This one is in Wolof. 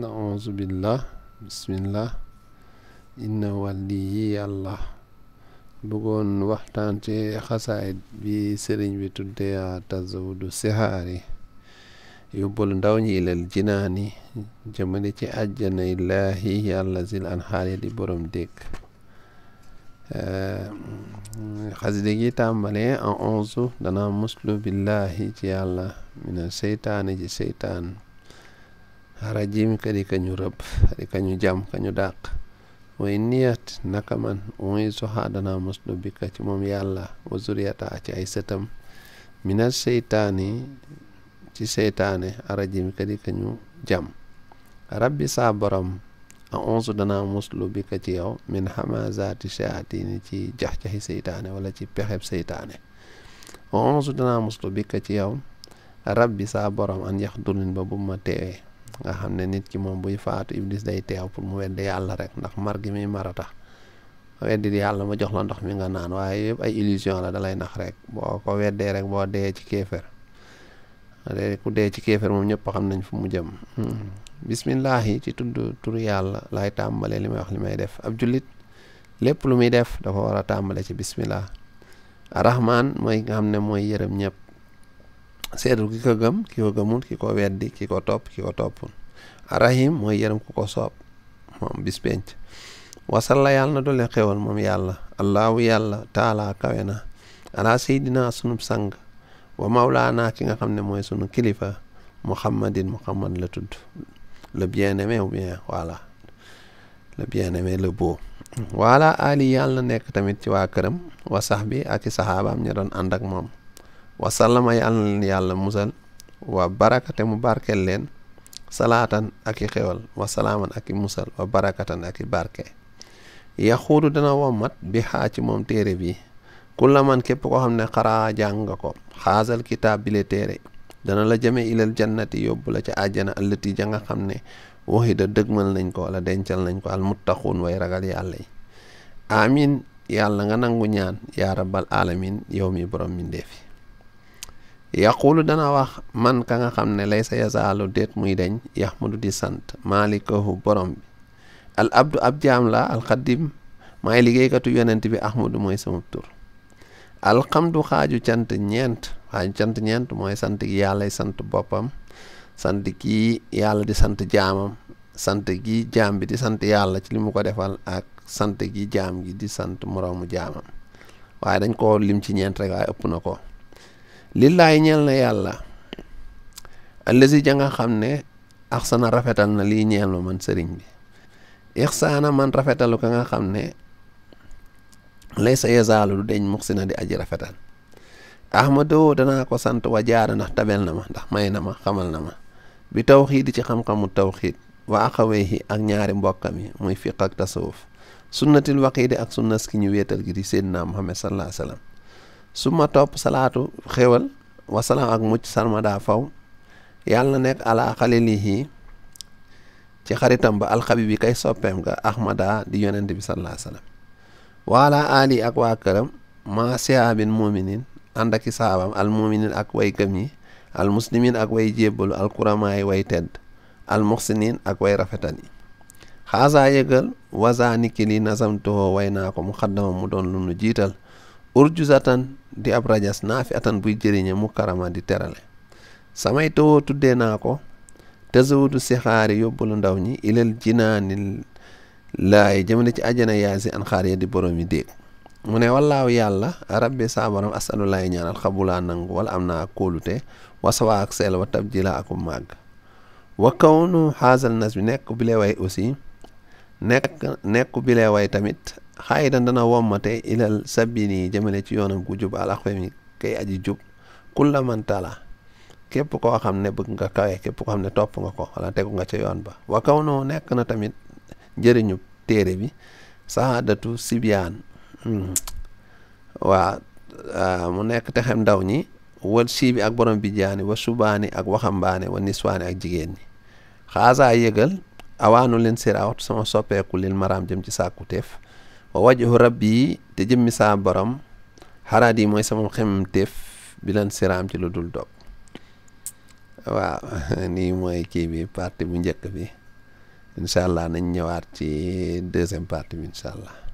nauzu billah bismillah inna waliyi allah bëggoon waxtaan ci xasaayit bi sëriñ bi tuddee tazawudu sixaari yóbbul ndaw ñi ilal jinaani jëmale ci àjjana illaahi yàlla zil anhaari di borom dégg ehm, xasida gi tàmbalee en dana muslu billahi ci yàlla mina seytaane ji seytaan rajim kadi ñu rëbb kadi kañu jam kañu dàq way niyat naka man mooy soxaadana moslu bi ka ci moom yàlla wa zuriyata ci ay sëtam mina seytaani ci seytaane arajim kadi kañu jam rabbi saa borom a onze dana moslu bi ka ci yow min hamazaati shayaatini ci jax-jaxi seytaane wala ci pexeb seytaane a onze dana moslu bi ka ci yow rabbi saa borom an yax dulin ba bu ma teewee nga xam ne nit ki moom buy faatu iblis day teew pour mu weddi yàlla rek ndax mar gi muy mar a tax weddi yàlla ma jox la ndox mi nga naan waaye yëpp ay illusion la dalay nax rek boo ko weddee rek boo dee ci kéefër ku dee ci kéefër moom ñëpp xam nañ fu mu jëm hmm. bismillah yi ci tudd turu yàlla laay tàmbalee li may wax li may def ab jullit lépp lu muy def dafa war a tàmbale ci bismillah arrahman mooy nga xam ne mooy yërëm ñëpp seetal ki ko gëm ki ko weddi ki ko topp ki ko toppul arahim mooy yërëm ku ko soob moom bis penc wasalla yàlla na doole xewal moom yàlla allaahu yàlla taalaa kawe na ala sunub sang wa mawlaana ki nga xam ne mooy sunu kilifa muhammadin muhammad la tudd le bien-aimé ou bien voilà le bien-aimé le ali yàlla nekk tamit ci waa këram wa sax bi ak i saxaabaam ña ànd ak moom wasallama yàlla leen yàlla musal wa barakate mu barkeel leen salaatan ak i xewal wa salaaman ak i musal wa barakatan ak i barke yaxuudu dana wommat bi xaa ci moom téere bi kulla man képp koo xam ne xaraa jàng nga ko xaasal kitaab bi le téere dana la jame ilal jannati yóbbu la ca àjjana ëllëti ja nga xam ne waxida dëgmal nañ ko wala dencal nañ ko al muttaxuun way ragal yàlla yi amin yàlla nga nangu ñaan yaa rabbal alamin yow mi borom mi ndeefi yaqulu dana wax man ka nga xam ne lay sa yasaalu déet muy deñ yax yaxmadu di sant maalikahu borom bi al abdu ab jaam la alxadim maay liggéeykatu yonent bi ahmadu mooy sama tur alxamdu xaaju cant ñeent xaaju cant ñeent mooy sant gi yàllay sant boppam sant gi yàlla di sant jaamam sant gi jaam bi di sant yàlla ci li mu ko defal ak sant gi jaam gi di sant moroomu jaamam waaye dañ ko lim ci ñeent rek waaye ëpp na ko lillaay ñeel na yàlla allazi janga xam ne axsana rafetal na lii ñeel ma man sëriñ bi ixsaana man rafetalu ka nga xam ne lay sa yezaalu du deñ muxsina di aji rafetal ahmadoo danaa ko sant wa jaara ndax tabel na ma ndax may na ma xamal na ma bi tawxiid ci xam-xamu tawxiid wa axawayhi ak ñaari mbokkam yi muy fiq ak tasawuf sunnatil waqiidi ak sunnas ki ñu wéetal gi di seydina muhammad sallallahu alayhi wa su ma topp salaatu xéwal wasalaam ak mucc sarmada faw yàlla na nekk ala xalilihi ci xaritam ba alxabibi kay soppeem ga ahmada di yonent bi sallallahu alayhi waala ali ak waa këram ma siabin muminin ànd ak i saabam al muminin ak way gëm yi al muslimin ak way jébbalu al kuramaay way tedd al muxsinin ak way rafetal yi xaasaa yëgal waza niki li nasamtuhoo way naa ko mu xaddama mu doon lu nu jiital urjuzatan di ab rajas naa fi atan buy jëriñe mu karama di terale samay tawoo tuddee naa ko tazawudu sixaari yóbbalu ndaw ñi ilal jinaani lay jëmale ci ajana yaay si an xaar ya di borom yi mu ne wallaaw yàlla rabbi saabaram asalulaay ñaanal xabulaa nangu wala am naa kóolute wasawaa ak seel wa tab ji akum màgg wa kawnu xaasal nas bi nekk bi way aussi nekk nekku bilee way tamit xaa dan dana wommate ilal sabini jëmale ci yoonam ku jub al axfe mi kay aji jub kulla man képp koo xam ne bëgg nga kawe képp ko xam ne topp nga ko wala tegu nga ca yoon ba wa kaw noo nekk na tamit njëriñu téere bi saadatu sibyaan waa ah, mu nekk texem ndaw ñi wal siibi ak borom bi jaani wa subaani ak waxambaane wa niswaani ak jigéen ñi xaasaa yëgal awaanu leen siraat sama soppeeku leen maraam jëm ci sàkku teef wa wajhu rabbi te jëmmi saa borom xaraat yi mooy sama xemam teef bi leen siraam ci lu dul dog waaw nii mooy kii bi partie bu njëkk bi incha allah nañ ñëwaat ci deuxième partie bi incha allah